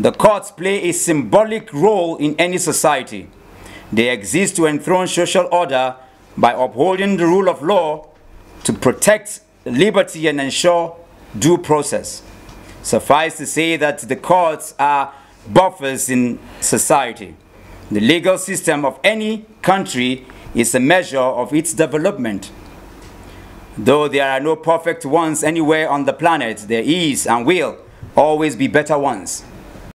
The courts play a symbolic role in any society. They exist to enthrone social order by upholding the rule of law to protect liberty and ensure due process. Suffice to say that the courts are buffers in society. The legal system of any country is a measure of its development. Though there are no perfect ones anywhere on the planet, there is and will always be better ones.